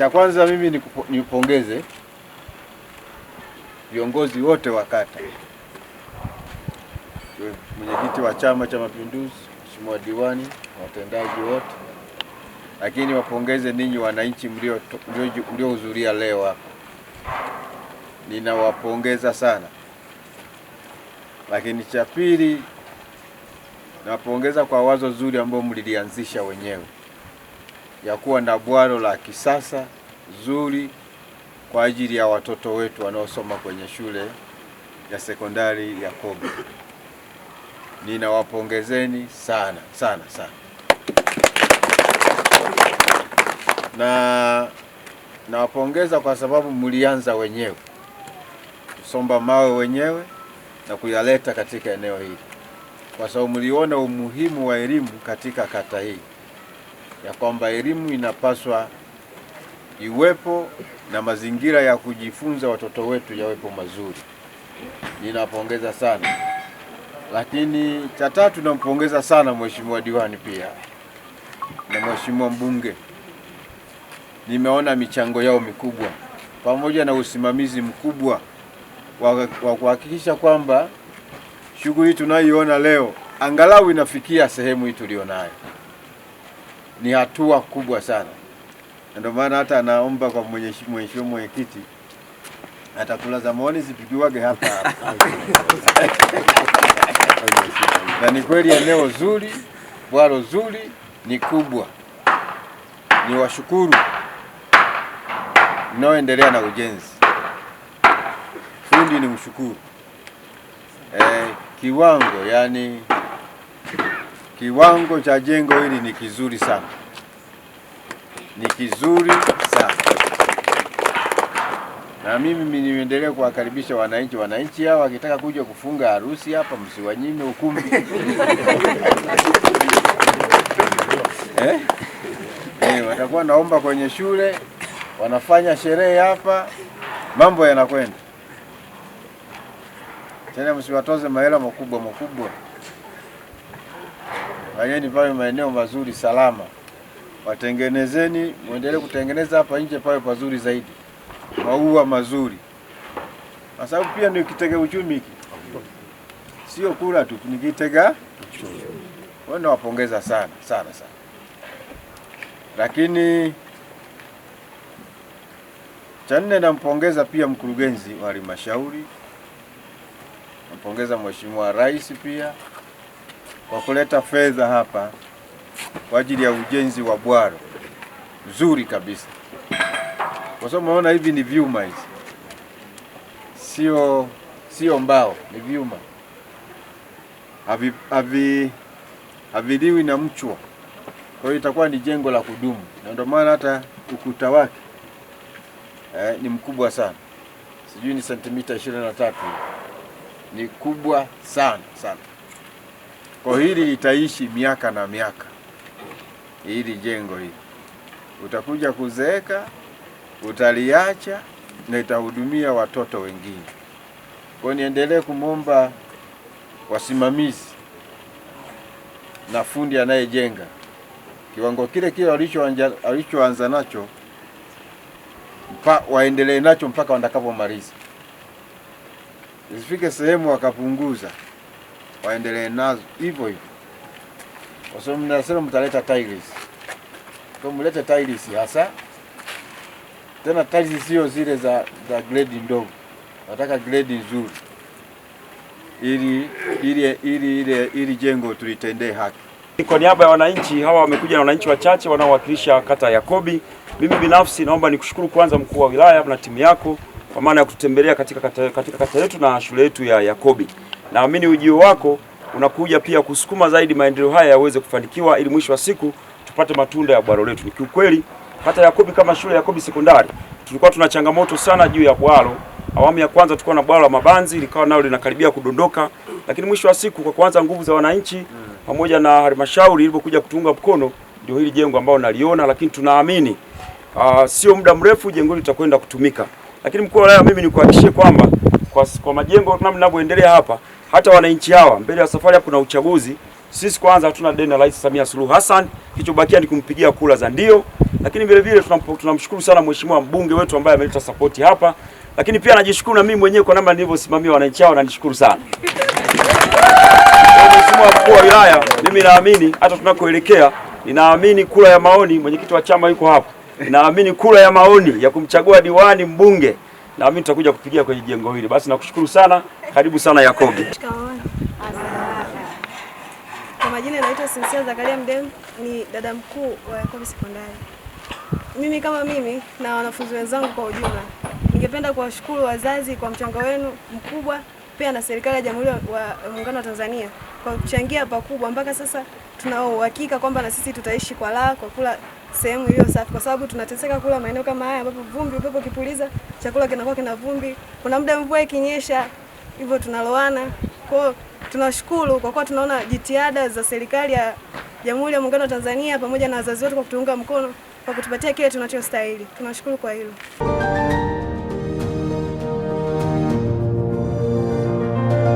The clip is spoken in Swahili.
Cha kwanza mimi nikupongeze viongozi wote wa kata, mwenyekiti wa Chama cha Mapinduzi, mheshimiwa diwani, watendaji wote, lakini wapongeze ninyi wananchi mliohudhuria leo hapa, ninawapongeza sana. Lakini cha pili, nawapongeza kwa wazo zuri ambao mlilianzisha wenyewe ya kuwa na bwalo la kisasa zuri kwa ajili ya watoto wetu wanaosoma kwenye shule ya sekondari ya Kobe. Ninawapongezeni sana sana sana, na nawapongeza kwa sababu mlianza wenyewe kusomba mawe wenyewe na kuyaleta katika eneo hili, kwa sababu mliona umuhimu wa elimu katika kata hii ya kwamba elimu inapaswa iwepo na mazingira ya kujifunza watoto wetu yawepo mazuri. Ninapongeza sana lakini, cha tatu, nampongeza sana mheshimiwa diwani pia na mheshimiwa mbunge. Nimeona michango yao mikubwa pamoja na usimamizi mkubwa wa kuhakikisha kwamba shughuli tunayoiona leo angalau inafikia sehemu hii tulionayo ni hatua kubwa sana, ndio maana hata anaomba kwa mheshimiwa mwenyekiti kula za maoni zipigiwage hapa hapa na ni kweli eneo zuri, bwalo zuri, ni kubwa. Ni washukuru mnaoendelea na ujenzi, fundi ni mshukuru. E, kiwango yani Kiwango cha jengo hili ni kizuri sana, ni kizuri sana, na mimi niendelee kuwakaribisha wananchi. Wananchi hawa wakitaka kuja kufunga harusi hapa, msiwanyime ukumbi eh? Eh, watakuwa naomba kwenye shule, wanafanya sherehe hapa, mambo yanakwenda tena, msiwatoze mahela makubwa makubwa fanyeni pawe maeneo mazuri salama, watengenezeni, mwendelee kutengeneza hapa nje pawe pazuri zaidi, maua mazuri, kwa sababu pia ni kitega uchumi hiki, sio kula tu, ni kitega uchumi. Nawapongeza sana sana sana, lakini cha nne nampongeza pia mkurugenzi wa halmashauri, nampongeza Mheshimiwa Rais pia kwa kuleta fedha hapa kwa ajili ya ujenzi wa bwalo nzuri kabisa, kwa sababu unaona hivi ni vyuma hizi, sio sio mbao, ni vyuma havi haviliwi na mchwa. Kwa hiyo itakuwa ni jengo la kudumu, na ndio maana hata ukuta wake eh, ni mkubwa sana, sijui ni sentimita 23 ni kubwa sana sana. Kwa hili litaishi miaka na miaka, hili jengo hili. Utakuja kuzeeka, utaliacha na itahudumia watoto wengine. Kwa niendelee kumwomba wasimamizi na fundi anayejenga kiwango kile kile walichoanza nacho waendelee nacho mpaka watakapomaliza, isifike sehemu wakapunguza waendelee nazo hivyo hivyo, kwa sababu mnasema mtaleta tiles. Kwa mlete tiles hasa tena, tiles sio zile za, za grade ndogo, nataka grade nzuri, ili ili ili ili jengo tulitendee haki. Kwa niaba ya wananchi hawa, wamekuja na wananchi wachache wanaowakilisha kata ya Kobi. Mimi binafsi naomba nikushukuru kwanza, mkuu wa wilaya na timu yako, kwa maana ya kututembelea katika kata, katika kata yetu na shule yetu ya Yakobi. Naamini ujio wako unakuja pia kusukuma zaidi maendeleo haya yaweze kufanikiwa ili mwisho wa siku tupate matunda ya bwalo letu. Ni kiukweli hata Yakobi kama shule ya Yakobi sekondari tulikuwa tuna changamoto sana juu ya bwalo. Awamu ya kwanza tulikuwa na bwalo la Mabanzi likawa nalo linakaribia kudondoka, lakini mwisho wa siku kwa kwanza nguvu za wananchi pamoja na halmashauri ilipokuja kutunga mkono, ndio hili jengo ambalo naliona, lakini tunaamini uh, sio muda mrefu jengo hili litakwenda kutumika. Lakini mkuu wa wilaya, mimi nikuhakikishie kwamba kwa, kwa majengo namna ninavyoendelea hapa hata wananchi hawa mbele ya safari hapo kuna uchaguzi. Sisi kwanza hatuna deni na Rais Samia Suluhu Hassan, kilichobakia ni kumpigia kura za ndio, lakini vile vile tunamshukuru sana mheshimiwa mbunge wetu ambaye ameleta sapoti hapa, lakini pia najishukuru na mimi mwenyewe kwa namna nilivyosimamia wananchi hawa, nanishukuru sana Mheshimiwa mkuu wa wilaya. Mimi naamini hata tunakoelekea, ninaamini kura ya maoni, mwenyekiti wa chama yuko hapa, ninaamini kura ya maoni ya kumchagua diwani, mbunge na mimi nitakuja kupigia kwenye jengo hili. Basi nakushukuru sana, karibu sana Yakobi. Kwa majina naitwa Sincere Zakaria Mdem, ni dada mkuu wa Yakobi Sekondari. Mimi kama mimi na wanafunzi wenzangu kwa ujumla, ningependa kuwashukuru wazazi kwa mchango wenu mkubwa, pia na serikali ya Jamhuri ya Muungano wa Tanzania kwa kuchangia pakubwa mpaka sasa tunao uhakika kwamba na sisi tutaishi kwa raha kwa kula sehemu iliyo safi, kwa sababu tunateseka kula maeneo kama haya ambapo vumbi, upepo kipuliza, chakula kinakuwa kina vumbi, kuna muda mvua ikinyesha, hivyo tunaloana. Kwa tunashukuru kwa kuwa tunaona jitihada za serikali ya Jamhuri ya Muungano wa Tanzania pamoja na wazazi wetu kwa kutuunga mkono kwa kutupatia kile tunachostahili. Tunashukuru kwa hilo.